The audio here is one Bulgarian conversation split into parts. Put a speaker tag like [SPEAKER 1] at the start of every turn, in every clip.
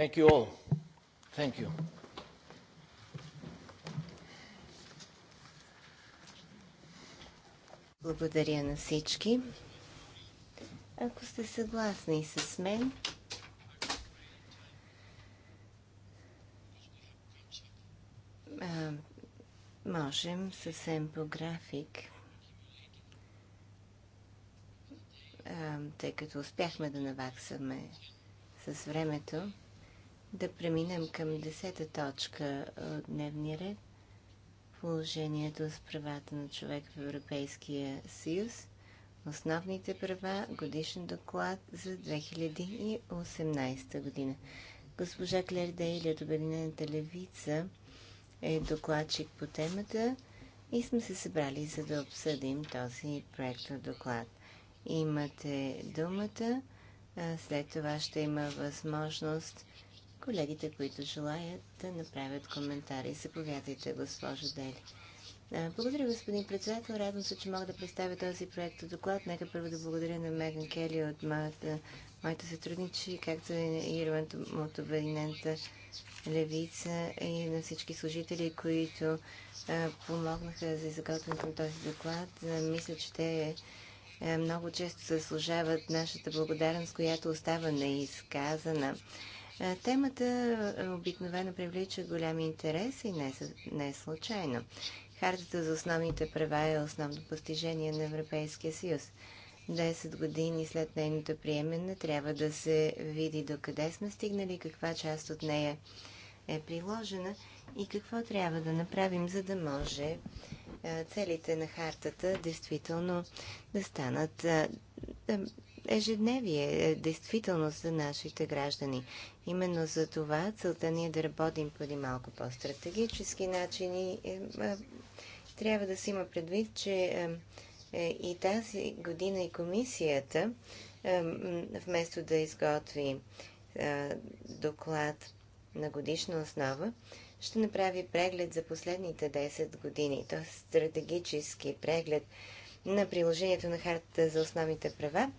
[SPEAKER 1] Thank you all. Thank you. Благодаря на всички. Ако сте съгласни с мен, можем съвсем по график, тъй като успяхме да наваксаме с времето да преминем към десета точка от дневния ред положението с правата на човек в Европейския съюз, основните права, годишен доклад за 2018 година. Госпожа Клер Дейли от Обединената левица е докладчик по темата и сме се събрали за да обсъдим този проект на доклад. Имате думата, след това ще има възможност колегите, които желаят да направят коментари. Заповядайте, госпожо Дели. Благодаря, господин председател. Радвам се, че мога да представя този проект доклад. Нека първо да благодаря на Меган Кели от моята, моята сътрудничи, както и Ирланд от Обединената левица и на всички служители, които а, помогнаха за изготвянето на този доклад. А, мисля, че те а, много често заслужават нашата благодарност, която остава неизказана. Е, темата обикновено привлича голям интерес и не, не е случайно. Хартата за основните права е основно постижение на Европейския съюз. Десет години след нейното приемене трябва да се види до къде сме стигнали, каква част от нея е приложена и какво трябва да направим, за да може е, целите на хартата действително да станат е, ежедневие, е, действителност за нашите граждани. Именно за това целта ни е да работим по един малко по-стратегически начини. Е, трябва да се има предвид, че е, и тази година и комисията, вместо да изготви доклад на годишна основа, ще направи преглед за последните 10 години, т.е. стратегически преглед на приложението на Хартата за основните права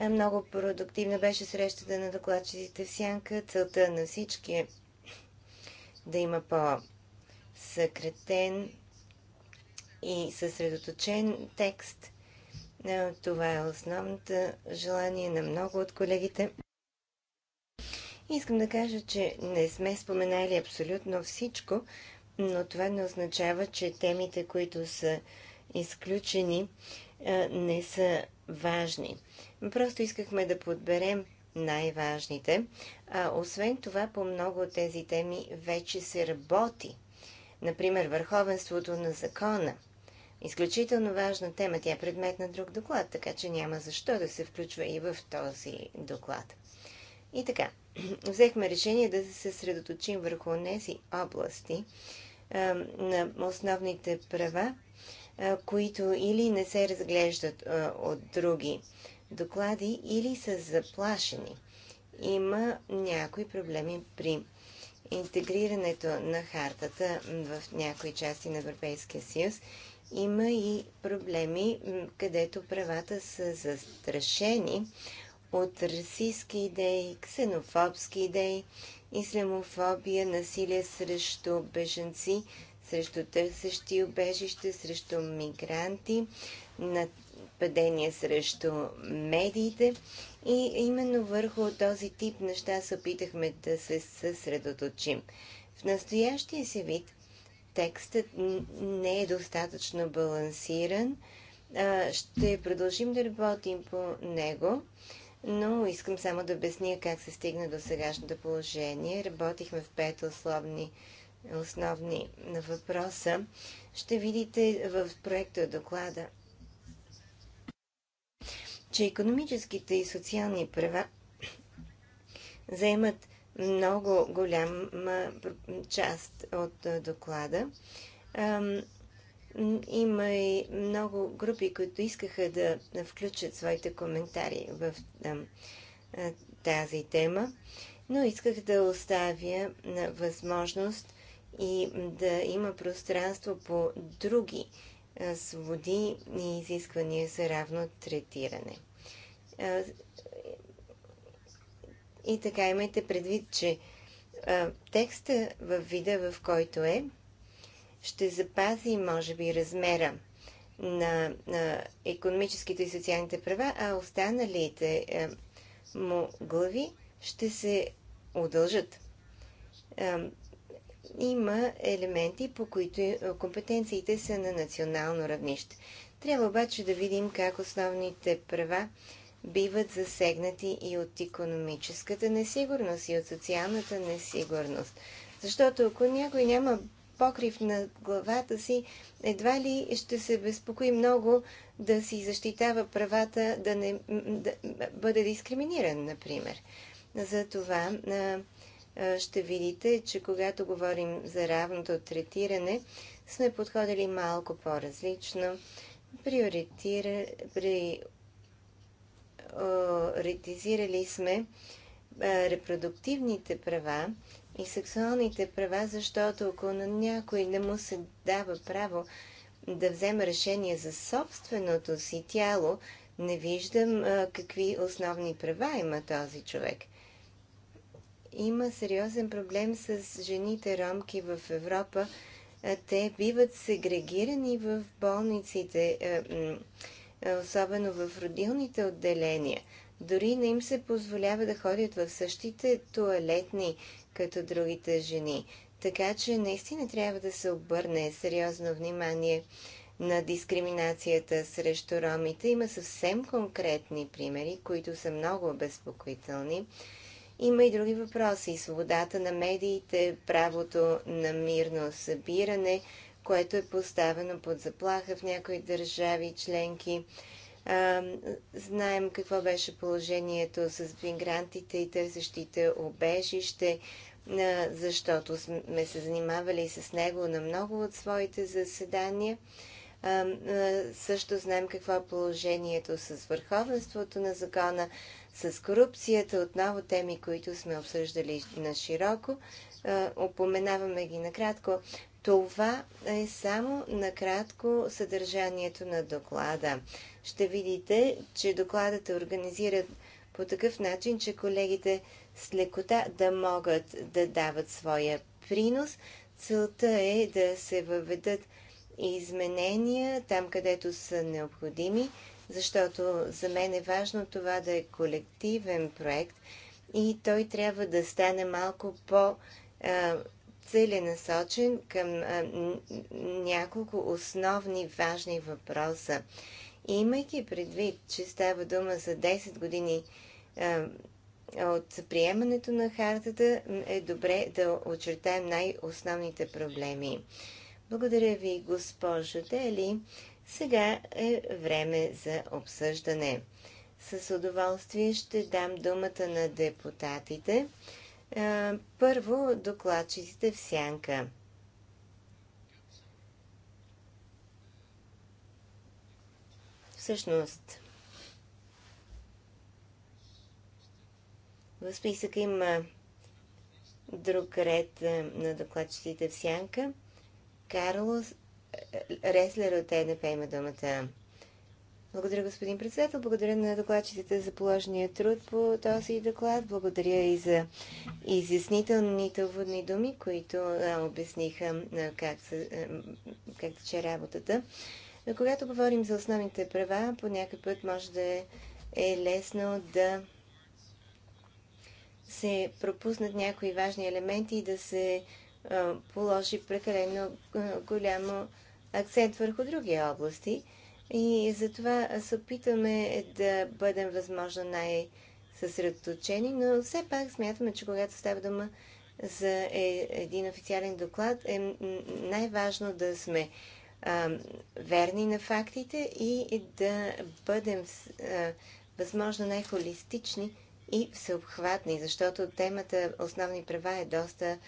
[SPEAKER 1] е, много продуктивна беше срещата на докладчиците в Сянка. Целта на всички е да има по-съкретен и съсредоточен текст. Е, това е основното желание на много от колегите. Искам да кажа, че не сме споменали абсолютно всичко, но това не означава, че темите, които са изключени, е, не са важни. Просто искахме да подберем най-важните. А освен това, по много от тези теми вече се работи. Например, върховенството на закона. Изключително важна тема. Тя е предмет на друг доклад, така че няма защо да се включва и в този доклад. И така, взехме решение да се съсредоточим върху тези области на основните права, които или не се разглеждат от други доклади, или са заплашени. Има някои проблеми при интегрирането на хартата в някои части на Европейския съюз. Има и проблеми, където правата са застрашени от расистски идеи, ксенофобски идеи, исламофобия, насилие срещу беженци, срещу търсещи убежище, срещу мигранти, нападения срещу медиите. И именно върху този тип неща се опитахме да се съсредоточим. В настоящия си вид текстът не е достатъчно балансиран. Ще продължим да работим по него, но искам само да обясня как се стигна до сегашното положение. Работихме в пет условни основни на въпроса, ще видите в проекта доклада, че економическите и социални права заемат много голяма част от доклада. Има и много групи, които искаха да включат своите коментари в тази тема, но исках да оставя възможност и да има пространство по други свободи и изисквания за равно третиране. И така имайте предвид, че текста в вида, в който е, ще запази, може би, размера на, на економическите и социалните права, а останалите му глави ще се удължат има елементи, по които е, компетенциите са на национално равнище. Трябва обаче да видим как основните права биват засегнати и от економическата несигурност, и от социалната несигурност. Защото ако някой няма покрив на главата си, едва ли ще се безпокои много да си защитава правата да не да бъде дискриминиран, например. Затова е, ще видите, че когато говорим за равното третиране, сме подходили малко по-различно. Приоритизирали сме е, репродуктивните права и сексуалните права, защото ако на някой не му се дава право да взема решение за собственото си тяло, не виждам а, е, какви основни права има този човек има сериозен проблем с жените ромки в Европа. Е, те биват сегрегирани в болниците, е, е, особено в родилните отделения. Дори не им се позволява да ходят в същите туалетни, като другите жени. Така че наистина трябва да се обърне сериозно внимание на дискриминацията срещу ромите. Има съвсем конкретни примери, които са много обезпокоителни. Има и други въпроси. Свободата на медиите, правото на мирно събиране, което е поставено под заплаха в някои държави членки. А, знаем какво беше положението с мигрантите и търсещите обежище, защото сме се занимавали с него на много от своите заседания. а, също знаем какво е положението с върховенството на закона, с корупцията, отново теми, които сме обсъждали на широко. Опоменаваме е, ги накратко. Това е само накратко съдържанието на доклада. Ще видите, че докладът е организиран по такъв начин, че колегите с лекота да могат да дават своя принос. Целта е да се въведат изменения там, където са необходими, защото за мен е важно това да е колективен проект и той трябва да стане малко по- целенасочен към няколко основни важни въпроса. И имайки предвид, че става дума за 10 години от приемането на хартата, е добре да очертаем най-основните проблеми. Благодаря ви, госпожо Дели. Сега е време за обсъждане. С удоволствие ще дам думата на депутатите. Първо докладчиците в сянка. Всъщност, в списъка има друг ред на докладчиците в сянка. Карлос Реслер от ЕДП има думата. Благодаря, господин председател. Благодаря на докладчиците за положения труд по този доклад. Благодаря и за изяснителните водни думи, които а, обясниха а, как, се, а, как тече работата. Но когато говорим за основните права, по някакъв път може да е, е лесно да се пропуснат някои важни елементи и да се положи прекалено голямо акцент върху други области. И затова се опитваме да бъдем възможно най-съсредоточени, но все пак смятаме, че когато става дума за е, един официален доклад, е най-важно да сме а, верни на фактите и да бъдем а, възможно най-холистични и всеобхватни, защото темата основни права е доста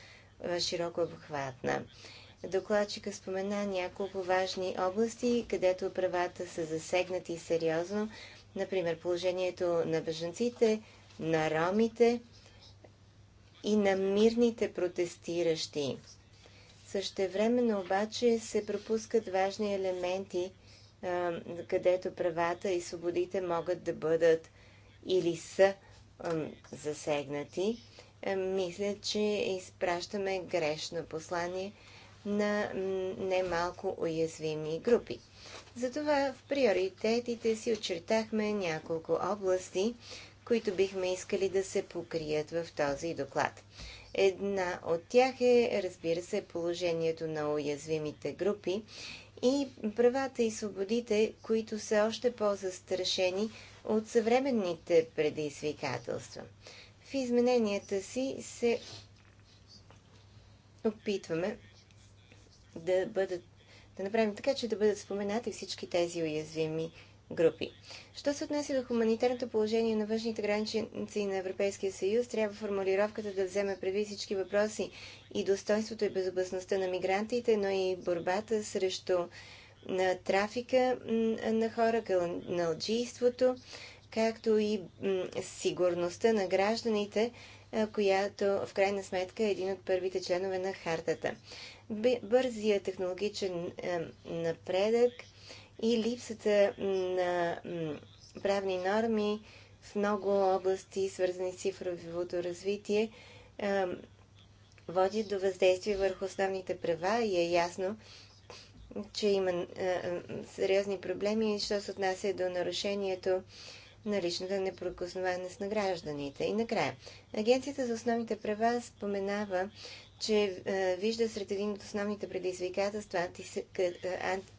[SPEAKER 1] е широко обхватна. Докладчика спомена няколко важни области, където правата са засегнати сериозно, например положението на бежанците, на ромите и на мирните протестиращи. Същевременно обаче се пропускат важни елементи, където правата и свободите могат да бъдат или са засегнати. Е, мисля, че изпращаме грешно послание на немалко уязвими групи. Затова в приоритетите си очертахме няколко области, които бихме искали да се покрият в този доклад. Една от тях е, разбира се, положението на уязвимите групи и правата и свободите, които са още по-застрашени от съвременните предизвикателства измененията си се опитваме да, бъдат, да направим така, че да бъдат споменати всички тези уязвими групи. Що се отнася до хуманитарното положение на външните граници на Европейския съюз, трябва формулировката да вземе предвид всички въпроси и достоинството и безопасността на мигрантите, но и борбата срещу на трафика на хора, на каналджийството, както и сигурността на гражданите, която в крайна сметка е един от първите членове на хартата. Бързия технологичен напредък и липсата на правни норми в много области, свързани с цифровото развитие, води до въздействие върху основните права и е ясно, че има сериозни проблеми, що се отнася до нарушението на личната непрекосновеност на гражданите. И накрая, Агенцията за основните права споменава, че е, вижда сред един от основните предизвикателства е,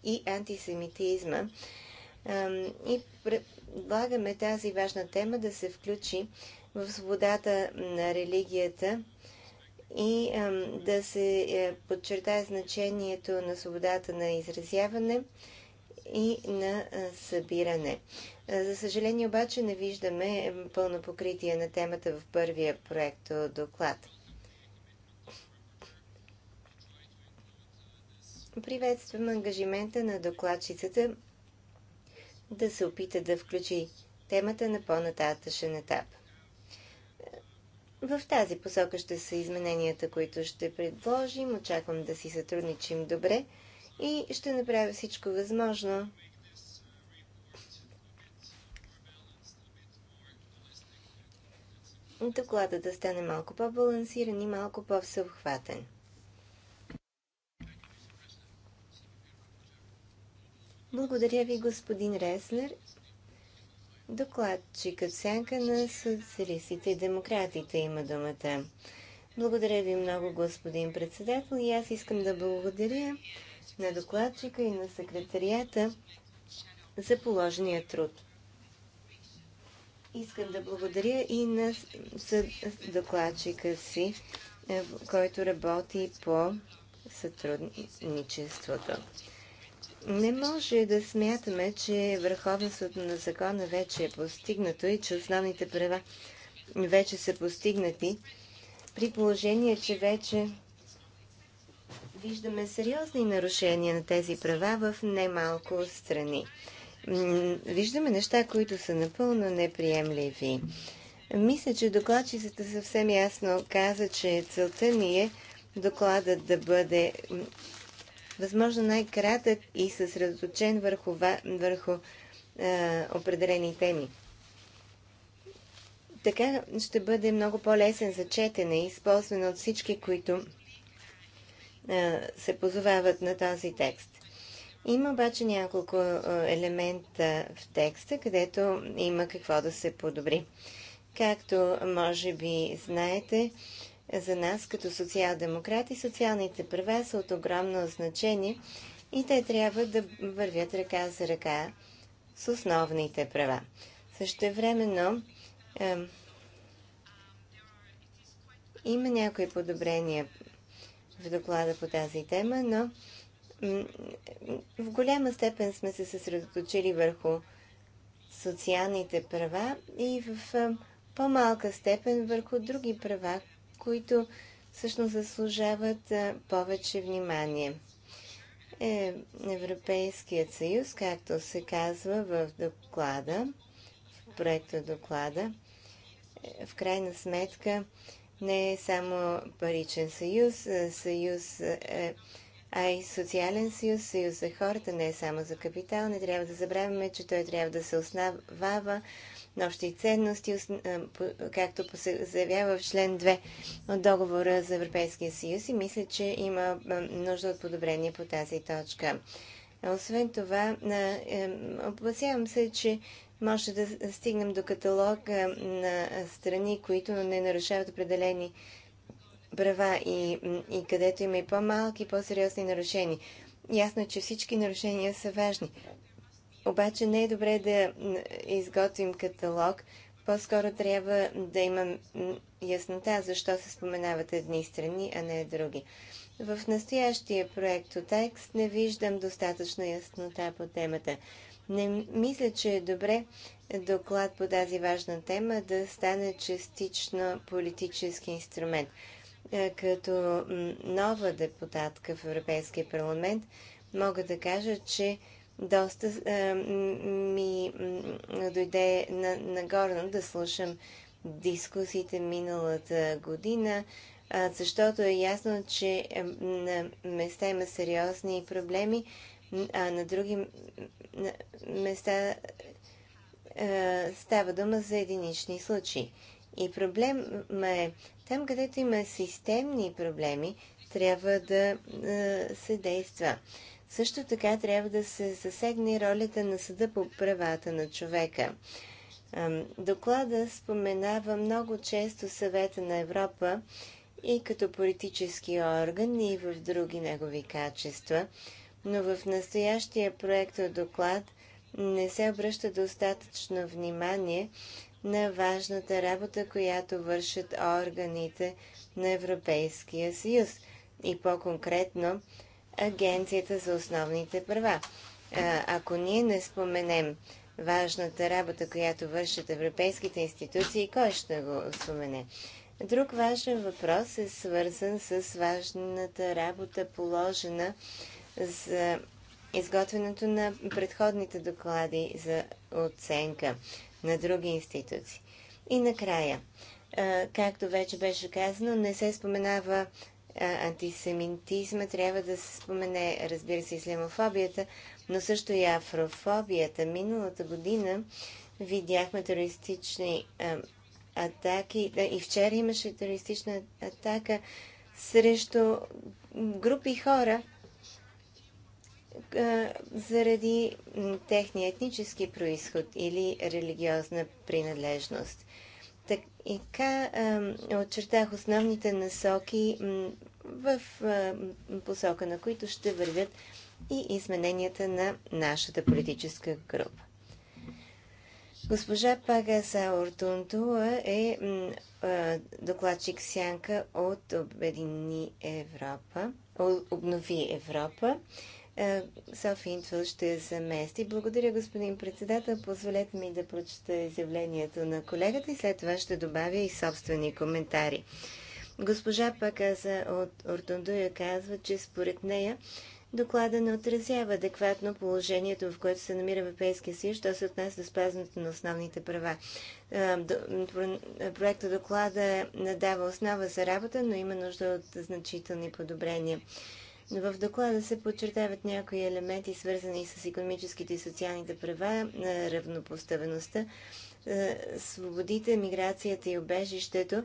[SPEAKER 1] и антисемитизма. Е, и предлагаме тази важна тема да се включи в свободата на религията и е, да се е, подчертае значението на свободата на изразяване и на събиране. Е, за съжаление обаче не виждаме пълно покритие на темата в първия проект доклад. Приветствам ангажимента на докладчицата да се опита да включи темата на по нататъшен етап. В тази посока ще са измененията, които ще предложим. Очаквам да си сътрудничим добре и ще направя всичко възможно, доклада да стане малко по-балансиран и малко по-всеобхватен. Благодаря ви, господин Реснер. Докладчикът сянка на социалистите и демократите има думата. Благодаря ви много, господин председател. И аз искам да благодаря на докладчика и на секретарията за положения труд. Искам да благодаря и на докладчика си, е, който работи по сътрудничеството. Не може да смятаме, че върховенството на закона вече е постигнато и че основните права вече са постигнати, при положение, че вече виждаме сериозни нарушения на тези права в немалко страни виждаме неща, които са напълно неприемливи. Мисля, че докладчицата съвсем ясно каза, че целта ни е докладът да бъде възможно най-кратък и съсредоточен върху, върху е, определени теми. Така ще бъде много по-лесен за четене, използван от всички, които е, се позовават на този текст. Има обаче няколко елемента в текста, където има какво да се подобри. Както може би знаете, за нас като социал-демократи социалните права са от огромно значение и те трябва да вървят ръка за ръка с основните права. Същевременно е, има някои подобрения в доклада по тази тема, но в голяма степен сме се съсредоточили върху социалните права и в по-малка степен върху други права, които всъщност заслужават повече внимание. Е, Европейският съюз, както се казва в доклада, в проекта доклада, е, в крайна сметка не е само паричен съюз, съюз е, а и социален съюз, съюз за хората, не е само за капитал. Не трябва да забравяме, че той трябва да се основава на общи ценности, както заявява в член 2 от договора за Европейския съюз и мисля, че има нужда от подобрение по тази точка. Освен това, опасявам се, че може да стигнем до каталог на страни, които не нарушават определени права и, и където има и по-малки, по-сериозни нарушения. Ясно е, че всички нарушения са важни. Обаче не е добре да изготвим каталог. По-скоро трябва да имам яснота, защо се споменават едни страни, а не други. В настоящия проект от текст не виждам достатъчно яснота по темата. Не мисля, че е добре доклад по тази важна тема да стане частично политически инструмент. Е, като нова депутатка в Европейския парламент, мога да кажа, че доста е, ми дойде нагорно да слушам дискусиите миналата година, защото е ясно, че е, на места има сериозни проблеми, а на други места става дума за единични случаи. И проблема е, там където има системни проблеми, трябва да се действа. Също така трябва да се засегне ролята на съда по правата на човека. Доклада споменава много често съвета на Европа и като политически орган, и в други негови качества, но в настоящия проект доклад не се обръща достатъчно внимание на важната работа, която вършат органите на Европейския съюз и по-конкретно Агенцията за основните права. Ако ние не споменем важната работа, която вършат европейските институции, кой ще го спомене? Друг важен въпрос е свързан с важната работа, положена за изготвянето на предходните доклади за оценка на други институции. И накрая, както вече беше казано, не се споменава антисемитизма, трябва да се спомене, разбира се, ислямофобията, но също и афрофобията. Миналата година видяхме терористични атаки Да, и вчера имаше терористична атака срещу групи хора, е, заради техния етнически происход или религиозна принадлежност. Така е, очертах основните насоки в е, посока, на които ще вървят и измененията на нашата политическа група. Госпожа Пага Саортунтуа е докладчик сянка от Обедини Европа, обнови Европа. Е, Софи Интвел ще замести. Благодаря, господин председател. Позволете ми да прочета изявлението на колегата и след това ще добавя и собствени коментари. Госпожа Паказа от Ортондуя казва, че според нея доклада не отразява адекватно положението, в което се намира Европейския съюз, що се отнася до спазването на основните права. Е, Проектът доклада надава основа за работа, но има нужда от значителни подобрения. В доклада се подчертават някои елементи, свързани с економическите и социалните права, равнопоставеността, е, свободите, миграцията и обежището.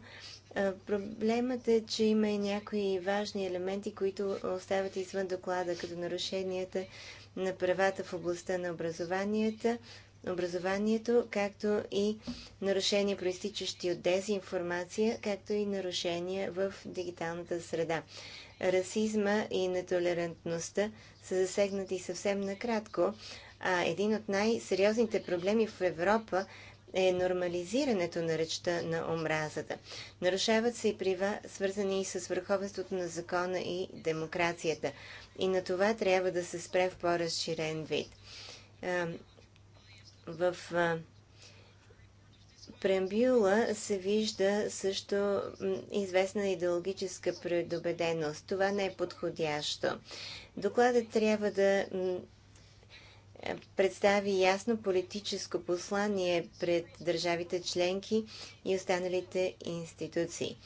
[SPEAKER 1] Е, проблемът е, че има и някои важни елементи, които остават извън доклада, като нарушенията на правата в областта на образованията, образованието, както и нарушения, проистичащи от дезинформация, както и нарушения в дигиталната среда расизма и нетолерантността са засегнати съвсем накратко. А един от най-сериозните проблеми в Европа е нормализирането на речта на омразата. Нарушават се и права, свързани и с върховенството на закона и демокрацията. И на това трябва да се спре в по-разширен вид. В преамбюла се вижда също известна идеологическа предубеденост. Това не е подходящо. Докладът трябва да представи ясно политическо послание пред държавите членки и останалите институции.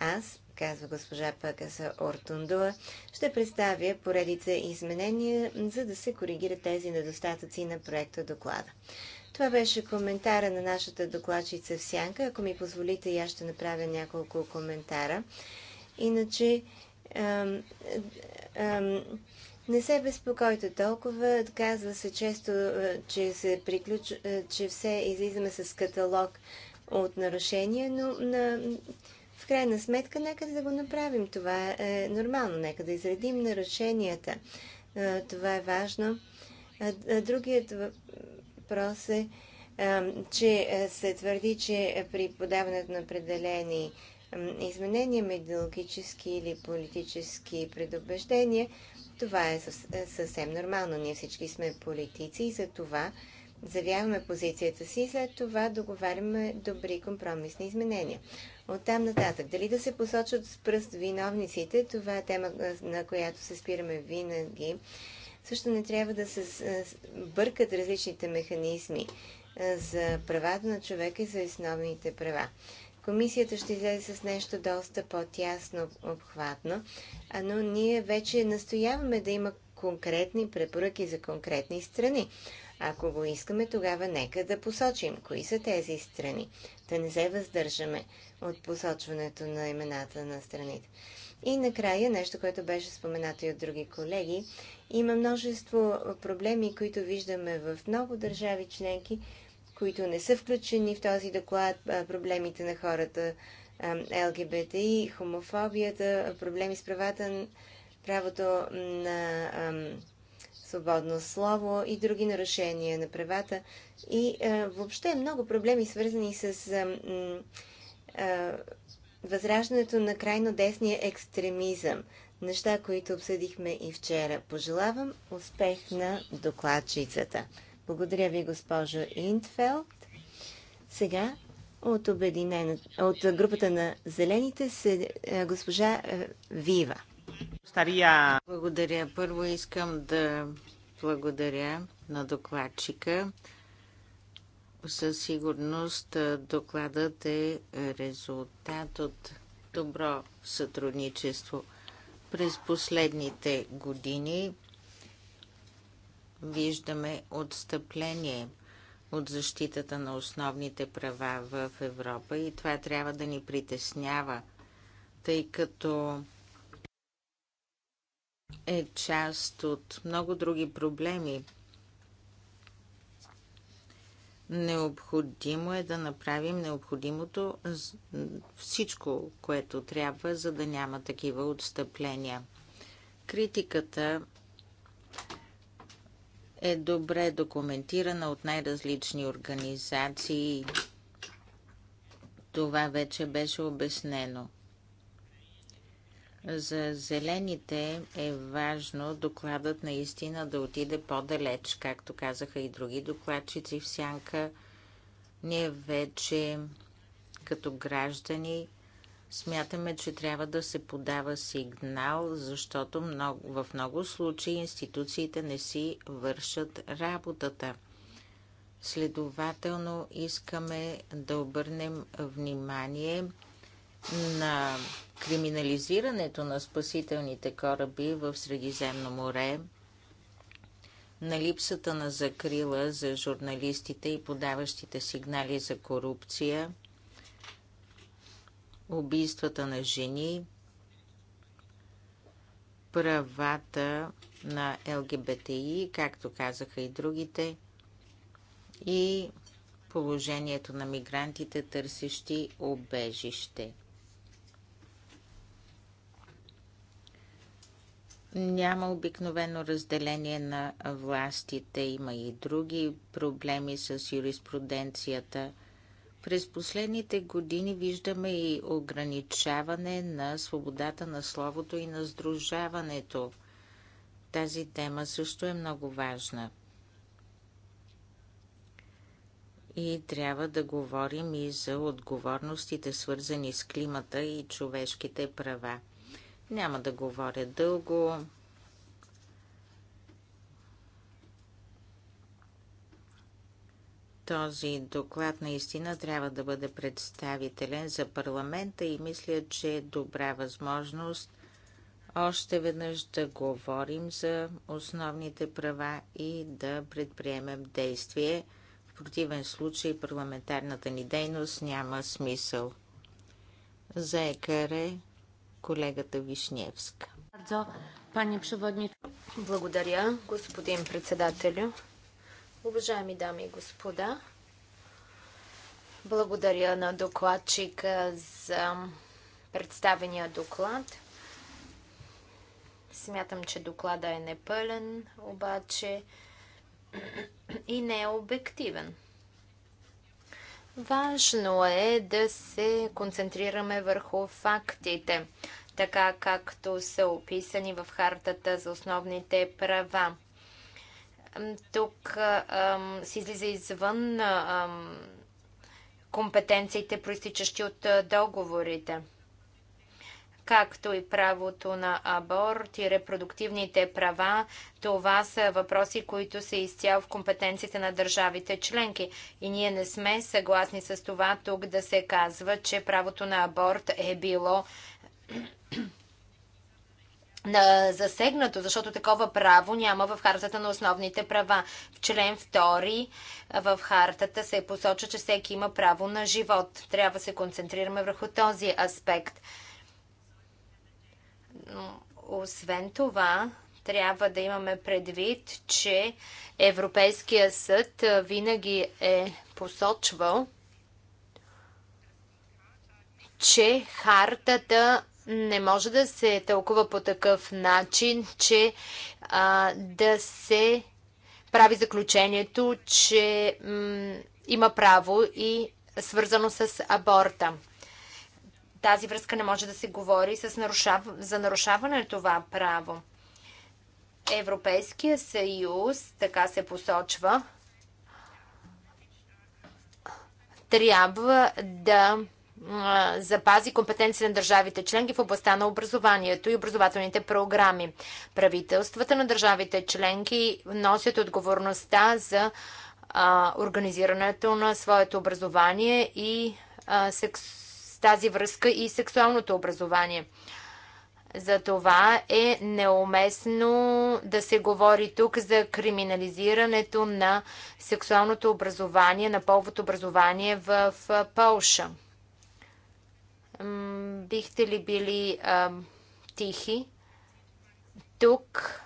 [SPEAKER 1] Аз, казва госпожа Пакаса Ортундуа, ще представя поредица изменения, за да се коригират тези недостатъци на проекта доклада. Това беше коментара на нашата докладчица в Сянка. Ако ми позволите, я ще направя няколко коментара. Иначе, ам, ам, не се безпокойте толкова. Казва се често, че, се приключ... че все излизаме с каталог от нарушения, но на... в крайна сметка нека да го направим. Това е нормално. Нека да изредим нарушенията. Това е важно. Другият въпрос е, че се твърди, че при подаването на определени изменения, медиологически или политически предубеждения, това е, е съвсем нормално. Ние всички сме политици и за това завяваме позицията си и след това договаряме добри компромисни изменения. От там нататък, дали да се посочат с пръст виновниците, това е тема, на която се спираме винаги. Също не трябва да се е, бъркат различните механизми е, за правата на човека и за основните права. Комисията ще излезе с нещо доста по-тясно обхватно, но ние вече настояваме да има конкретни препоръки за конкретни страни. Ако го искаме, тогава нека да посочим кои са тези страни. Да не се въздържаме от посочването на имената на страните. И накрая, нещо, което беше споменато и от други колеги, има множество проблеми, които виждаме в много държави членки, които не са включени в този доклад, проблемите на хората, ЛГБТИ, хомофобията, проблеми с правата, правото на свободно слово и други нарушения на правата. И въобще много проблеми, свързани с възраждането на крайно десния екстремизъм. Неща, които обсъдихме и вчера. Пожелавам успех на докладчицата. Благодаря ви, госпожо Интфелд. Сега от, обединена, от групата на зелените се е, госпожа е, Вива.
[SPEAKER 2] Стария. Благодаря. Първо искам да благодаря на докладчика със сигурност докладът е резултат от добро сътрудничество. През последните години виждаме отстъпление от защитата на основните права в Европа и това трябва да ни притеснява, тъй като е част от много други проблеми Необходимо е да направим необходимото всичко, което трябва, за да няма такива отстъпления. Критиката е добре документирана от най-различни организации. Това вече беше обяснено. За зелените е важно докладът наистина да отиде по-далеч, както казаха и други докладчици в сянка. Ние вече като граждани смятаме, че трябва да се подава сигнал, защото много, в много случаи институциите не си вършат работата. Следователно искаме да обърнем внимание на криминализирането на спасителните кораби в Средиземно море, на липсата на закрила за журналистите и подаващите сигнали за корупция, убийствата на жени, правата на ЛГБТИ, както казаха и другите, и положението на мигрантите, търсещи обежище. Няма обикновено разделение на властите, има и други проблеми с юриспруденцията. През последните години виждаме и ограничаване на свободата на словото и на сдружаването. Тази тема също е много важна. И трябва да говорим и за отговорностите, свързани с климата и човешките права. Няма да говоря дълго. Този доклад наистина трябва да бъде представителен за парламента и мисля, че е добра възможност още веднъж да говорим за основните права и да предприемем действие. В противен случай парламентарната ни дейност няма смисъл. За екаре колегата Вишневска.
[SPEAKER 3] Благодаря, господин председателю. Уважаеми дами и господа, благодаря на докладчика за представения доклад. Смятам, че доклада е непълен, обаче и не е обективен. Важно е да се концентрираме върху фактите, така както са описани в Хартата за основните права. Тук ам, се излиза извън ам, компетенциите, проистичащи от договорите както и правото на аборт и репродуктивните права. Това са въпроси, които са изцяло в компетенциите на държавите членки. И ние не сме съгласни с това тук да се казва, че правото на аборт е било засегнато, защото такова право няма в хартата на основните права. В член 2 в хартата се посочва, че всеки има право на живот. Трябва да се концентрираме върху този аспект. Освен това, трябва да имаме предвид, че Европейския съд винаги е посочвал, че хартата не може да се тълкува по такъв начин, че а, да се прави заключението, че м, има право и свързано с аборта тази връзка не може да се говори с нарушав... за нарушаване на това право. Европейския съюз, така се посочва, трябва да запази компетенции на държавите членки в областта на образованието и образователните програми. Правителствата на държавите членки носят отговорността за а, организирането на своето образование и а, секс тази връзка и сексуалното образование. За това е неуместно да се говори тук за криминализирането на сексуалното образование, на половото образование в Полша. Бихте ли били а, тихи? Тук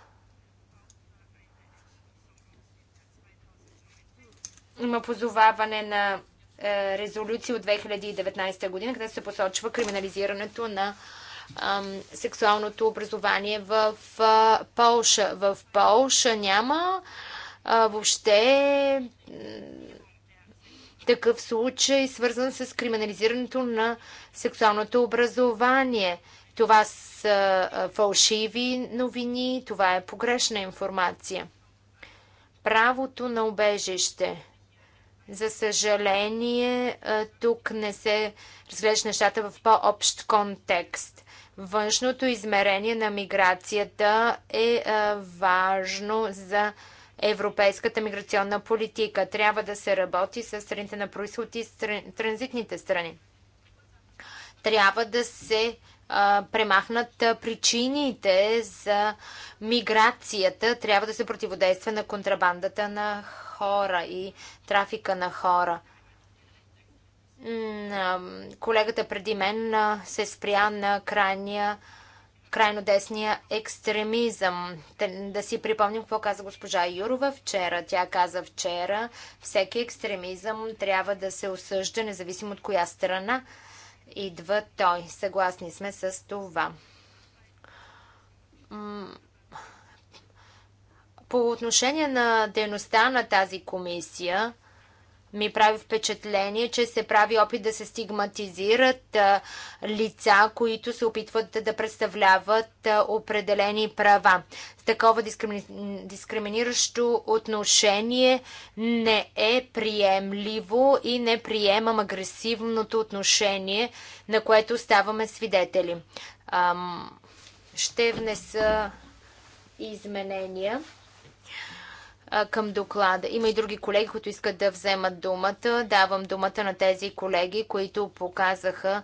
[SPEAKER 3] има позоваване на е, резолюция от 2019 година, където се посочва криминализирането на сексуалното образование в Полша. В Полша няма въобще такъв случай, свързан с криминализирането на сексуалното образование. Това са фалшиви новини, това е погрешна информация. Правото на убежище – за съжаление, тук не се разглежда нещата в по-общ контекст. Външното измерение на миграцията е важно за европейската миграционна политика. Трябва да се работи с страните на происход и транзитните страни. Трябва да се премахнат причините за миграцията. Трябва да се противодейства на контрабандата на хора и трафика на хора. Колегата преди мен се спря на крайния крайно десния екстремизъм. Да си припомним какво каза госпожа Юрова вчера. Тя каза вчера, всеки екстремизъм трябва да се осъжда, независимо от коя страна идва той. Съгласни сме с това. По отношение на дейността на тази комисия, ми прави впечатление, че се прави опит да се стигматизират лица, които се опитват да представляват определени права. С такова дискрими... дискриминиращо отношение не е приемливо и не приемам агресивното отношение, на което ставаме свидетели. Ам... Ще внеса изменения към доклада. Има и други колеги, които искат да вземат думата. Давам думата на тези колеги, които показаха,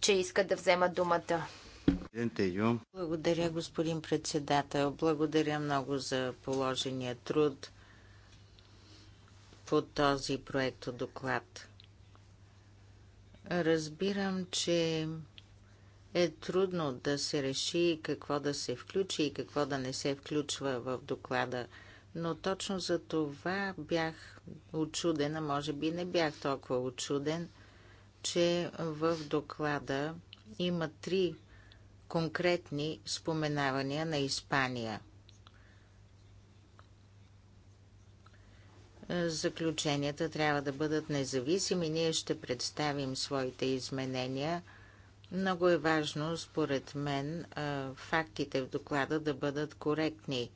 [SPEAKER 3] че искат да вземат
[SPEAKER 2] думата. Благодаря, господин председател. Благодаря много за положения труд по този проект доклад. Разбирам, че е трудно да се реши какво да се включи и какво да не се включва в доклада. Но точно за това бях очудена, може би не бях толкова очуден, че в доклада има три конкретни споменавания на Испания. Заключенията трябва да бъдат независими. Ние ще представим своите изменения – много е важно, според мен, фактите в доклада да бъдат коректни.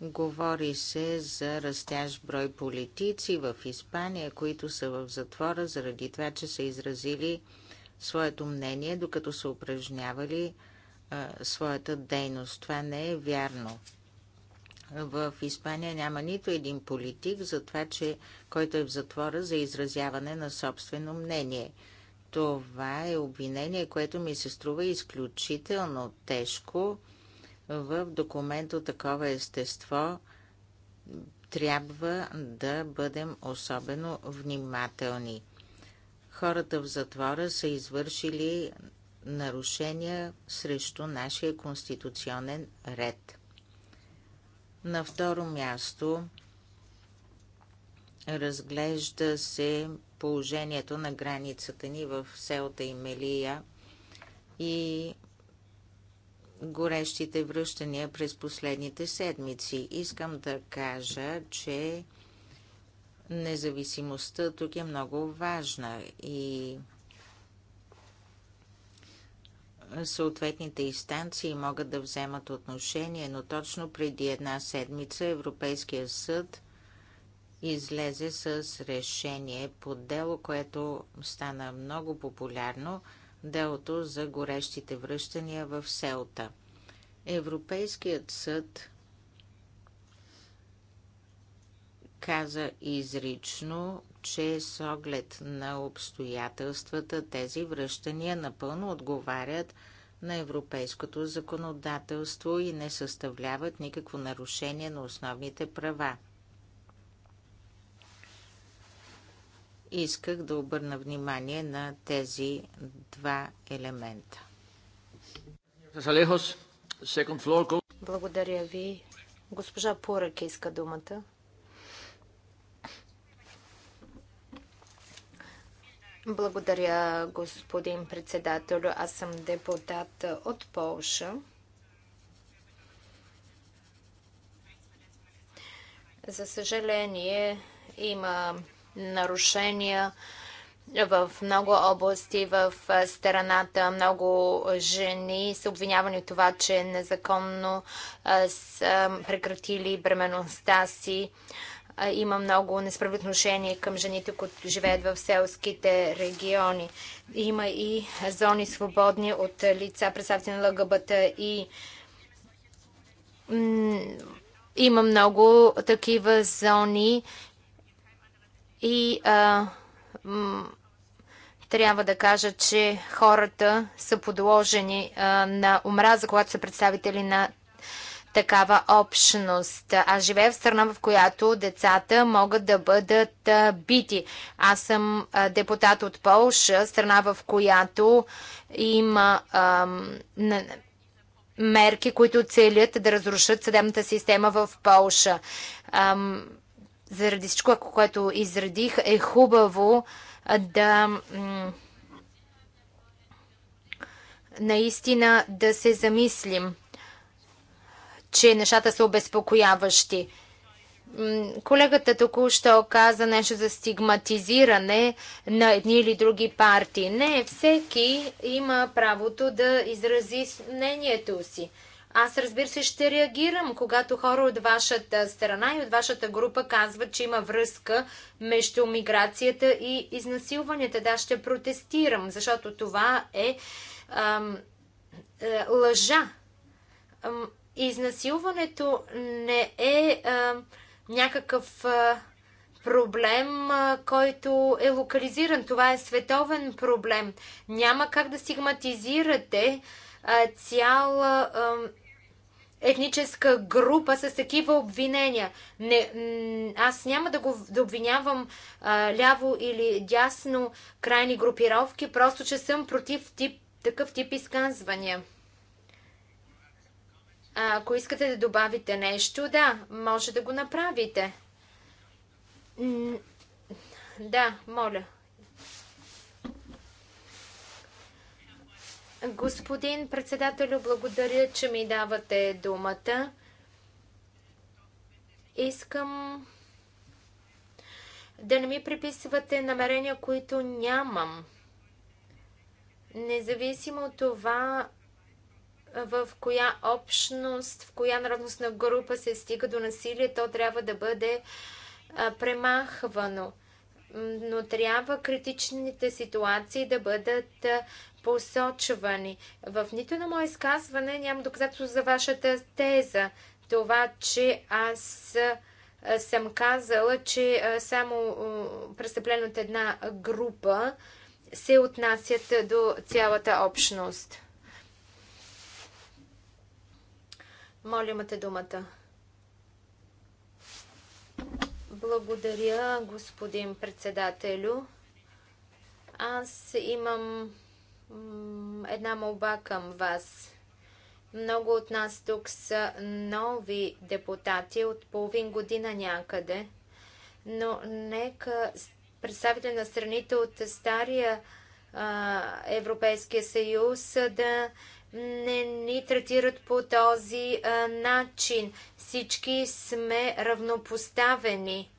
[SPEAKER 2] Говори се за растящ брой политици в Испания, които са в затвора заради това, че са изразили своето мнение, докато са упражнявали а, своята дейност. Това не е вярно. В Испания няма нито един политик за това, че който е в затвора за изразяване на собствено мнение. Това е обвинение, което ми се струва изключително тежко в документ от такова естество. Трябва да бъдем особено внимателни. Хората в затвора са извършили нарушения срещу нашия конституционен ред. На второ място разглежда се положението на границата ни в селта и Мелия и горещите връщания през последните седмици. Искам да кажа, че независимостта тук е много важна и съответните инстанции могат да вземат отношение, но точно преди една седмица Европейския съд излезе с решение по дело, което стана много популярно делото за горещите връщания в Селта. Европейският съд каза изрично, че с оглед на обстоятелствата тези връщания напълно отговарят на европейското законодателство и не съставляват никакво нарушение на основните права. исках да обърна внимание на тези два елемента. Благодаря ви. Госпожа
[SPEAKER 3] Порък иска думата. Благодаря, господин председател. Аз съм депутат от Полша. За съжаление, има нарушения в много области в страната. Много жени са обвинявани от това, че незаконно са прекратили бременността си. Има много несправедливо отношение към жените, които живеят в селските региони. Има и зони свободни от лица, представители на ЛГБТ и има много такива зони и а, трябва да кажа, че хората са подложени а, на омраза, когато са представители на такава общност. Аз живея в страна, в която децата могат да бъдат а, бити. Аз съм а, депутат от Полша, страна, в която има а, мерки, които целят да разрушат съдебната система в Полша заради всичко, което изредих, е хубаво да наистина да се замислим, че нещата са обезпокояващи. Колегата току-що каза нещо за стигматизиране на едни или други партии. Не, всеки има правото да изрази мнението си. Аз разбира се ще реагирам, когато хора от вашата страна и от вашата група казват, че има връзка между миграцията и изнасилванията. Да, ще протестирам, защото това е ам, е, лъжа. Ам, изнасилването не е ам, някакъв а, проблем, а, който е локализиран. Това е световен проблем. Няма как да стигматизирате цяла етническа група с такива обвинения. Не, аз няма да, го, да обвинявам а, ляво или дясно крайни групировки, просто че съм против тип, такъв тип изказвания. А, ако искате да добавите нещо, да, може да го направите. Да, моля. Господин председателю, благодаря, че ми давате думата. Искам да не ми приписвате намерения, които нямам. Независимо от това, в коя общност, в коя народностна група се стига до насилие, то трябва да бъде премахвано но трябва критичните ситуации да бъдат посочвани. В нито на мое изказване няма доказателство за вашата теза. Това, че аз съм казала, че само престъплено от една група се отнасят до цялата общност. Моля, имате думата. Благодаря, господин председателю. Аз имам една молба към вас. Много от нас тук са нови депутати от половин година някъде, но нека представите на страните от стария а, Европейския съюз да не ни третират по този а, начин. Всички сме равнопоставени.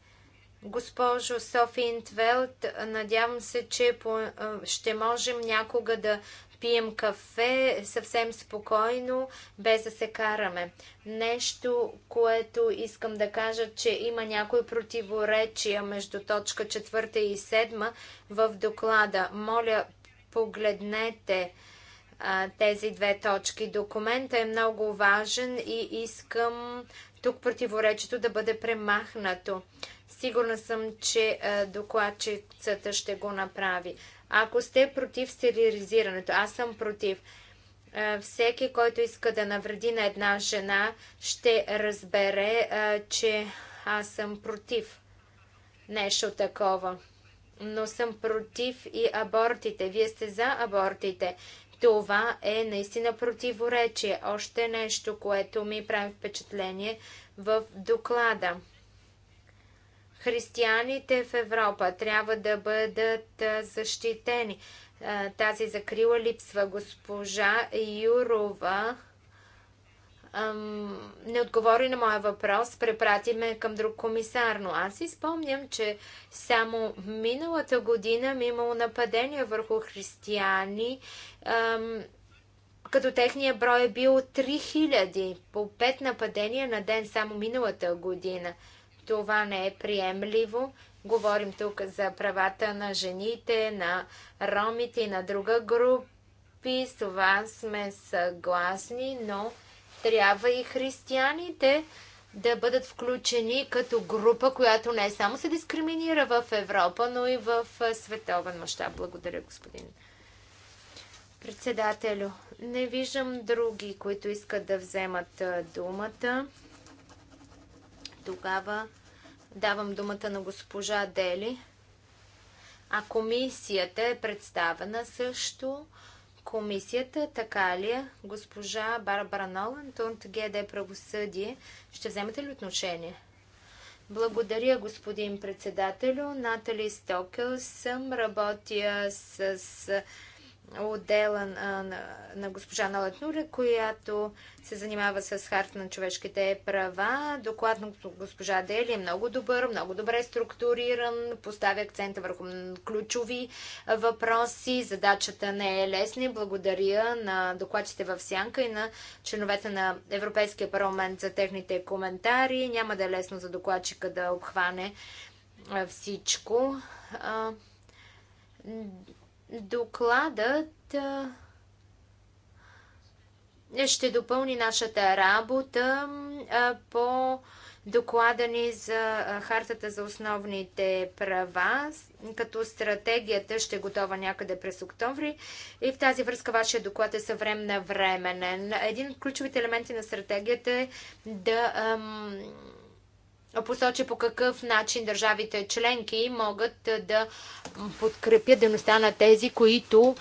[SPEAKER 3] Госпожо Софи Интвелт, надявам се, че по, а, ще можем някога да пием кафе съвсем спокойно, без да се караме. Нещо, което искам да кажа, че има някои противоречия между точка 4 и 7 в доклада. Моля, погледнете тези две точки. Документът е много важен и искам тук противоречието да бъде премахнато. Сигурна съм, че докладчицата ще го направи. Ако сте против стерилизирането, аз съм против. всеки, който иска да навреди на една жена, ще разбере, че аз съм против нещо такова. Но съм против и абортите. Вие сте за абортите. Това е наистина противоречие. Още нещо, което ми прави впечатление в доклада. Християните в Европа трябва да бъдат защитени. Тази закрила липсва госпожа Юрова ам, не отговори на моя въпрос, препрати ме към друг комисар. Но аз си спомням, че само миналата година ми е имало нападения върху християни, ам, като техния брой е бил 3000 по 5 нападения на ден само миналата година. Това не е приемливо. Говорим тук за правата на жените, на ромите и на друга група с това сме съгласни, но трябва и християните да бъдат включени като група, която не само се дискриминира в Европа, но и в световен мащаб. Благодаря, господин председателю. Не виждам други, които искат да вземат думата. Тогава давам думата на госпожа Дели. А комисията е представена също комисията, така ли е? госпожа Барбара Нолан, Тунт ГД Правосъдие, ще вземете ли отношение? Благодаря, господин председателю. Натали Стокел съм, работя с отдела на, на, на госпожа Налатнура, която се занимава с харта на човешките права. Доклад на госпожа Дели е много добър, много добре структуриран, поставя акцента върху ключови въпроси. Задачата не е лесна. Благодаря на докладчите в Сянка и на членовете на Европейския парламент за техните коментари. Няма да е лесно за докладчика да обхване всичко Докладът ще допълни нашата работа по доклада ни за Хартата за основните права, като стратегията ще е готова някъде през октомври. И в тази връзка вашия доклад е съвременно временен. Един от ключовите елементи на стратегията е да ам, посочи по какъв начин държавите членки могат да подкрепят дейността на тези, които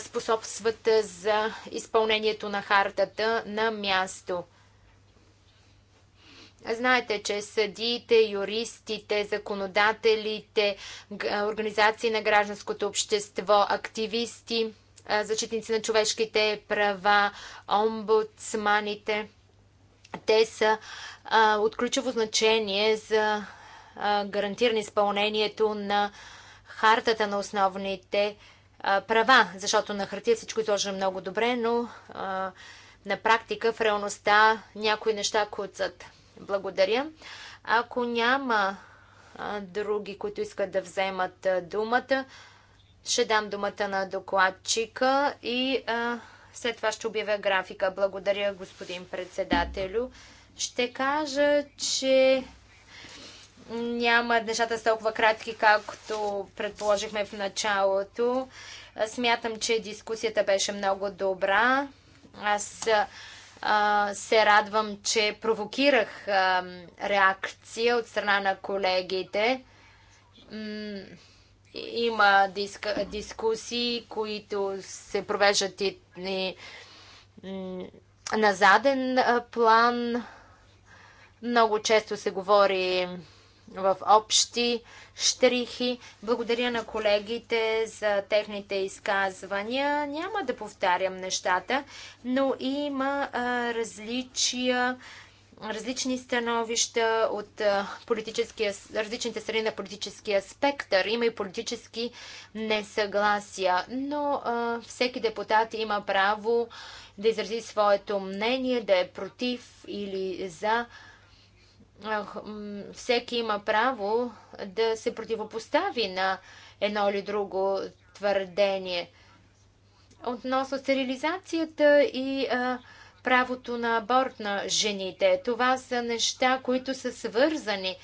[SPEAKER 3] способстват за изпълнението на хартата на място. Знаете, че съдиите, юристите, законодателите, организации на гражданското общество, активисти, защитници на човешките права, омбудсманите – те са а, от ключово значение за а, гарантиране изпълнението на хартата на основните а, права, защото на хартия всичко изложено е много добре, но а, на практика в реалността някои неща куцат. Благодаря. Ако няма а, други, които искат да вземат а, думата, ще дам думата на докладчика и а, след това ще обявя графика. Благодаря, господин председателю. Ще кажа, че няма нещата са толкова кратки, както предположихме в началото. Смятам, че дискусията беше много добра. Аз се радвам, че провокирах реакция от страна на колегите. Има диск, дискусии, които се провеждат и, и на заден план. Много често се говори в общи штрихи. Благодаря на колегите за техните изказвания. Няма да повтарям нещата, но има а, различия различни становища от различните страни на политическия спектър. Има и политически несъгласия, но а, всеки депутат има право да изрази своето мнение, да е против или за. всеки има право да се противопостави на едно или друго твърдение. Относно стерилизацията и а, правото на аборт на жените. Това са неща, които са свързани,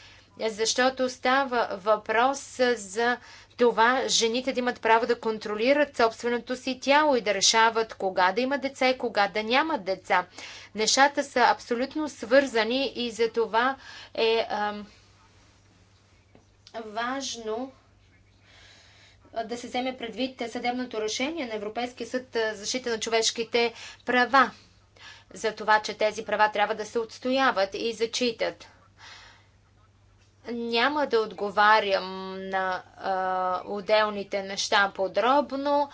[SPEAKER 3] защото става въпрос за това жените да имат право да контролират собственото си тяло и да решават кога да имат деца и кога да нямат деца. Нещата са абсолютно свързани и за това е ам, важно да се вземе предвид съдебното решение на Европейския съд за защита на човешките права за това, че тези права трябва да се отстояват и зачитат. Няма да отговарям на а, отделните неща подробно.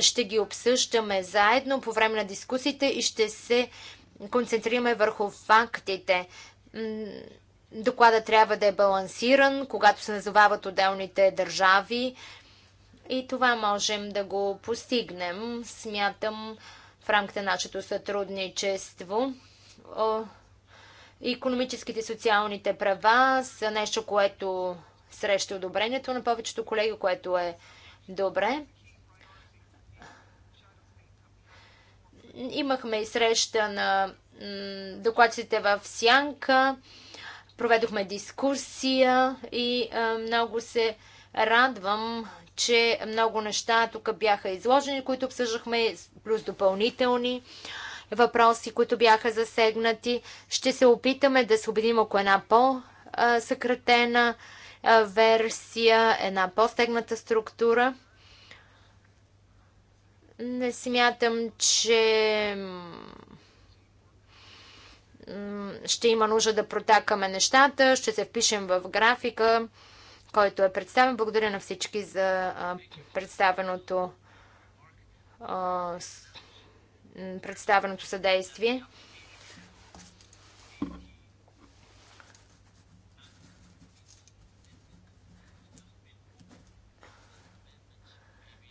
[SPEAKER 3] Ще ги обсъждаме заедно по време на дискусите и ще се концентрираме върху фактите. Доклада трябва да е балансиран, когато се назовават отделните държави. И това можем да го постигнем. Смятам, в рамките на нашето сътрудничество. Економическите и социалните права са нещо, което среща одобрението на повечето колеги, което е добре. Имахме и среща на докладците в Сянка, проведохме дискусия и много се радвам, че много неща тук бяха изложени, които обсъждахме, плюс допълнителни въпроси, които бяха засегнати. Ще се опитаме да се убедим около една по-съкратена версия, една по-стегната структура. Не смятам, че ще има нужда да протакаме нещата, ще се впишем в графика който е представен. Благодаря на всички за представеното, представеното съдействие.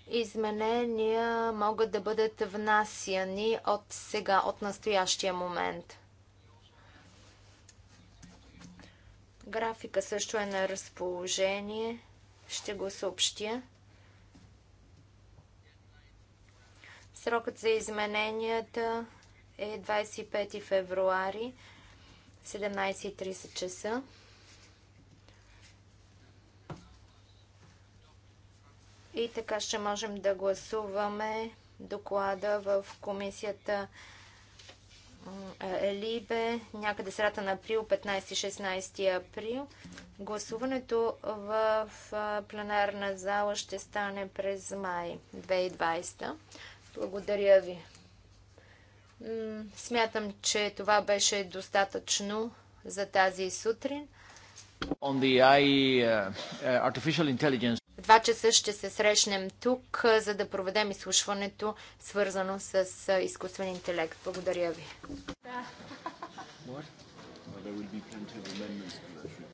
[SPEAKER 3] Изменения могат да бъдат внасяни от сега, от настоящия момент. Графика също е на разположение. Ще го съобщя. Срокът за измененията е 25 февруари, 17.30 часа. И така ще можем да гласуваме доклада в комисията е, Либе някъде срата на април, 15-16 април. Гласуването в пленарна зала ще стане през май 2020. Благодаря ви. Смятам, че това беше достатъчно за тази сутрин. On the AI, uh, uh, artificial intelligence. Два часа ще се срещнем тук, за да проведем изслушването, свързано с изкуствен интелект. Благодаря ви.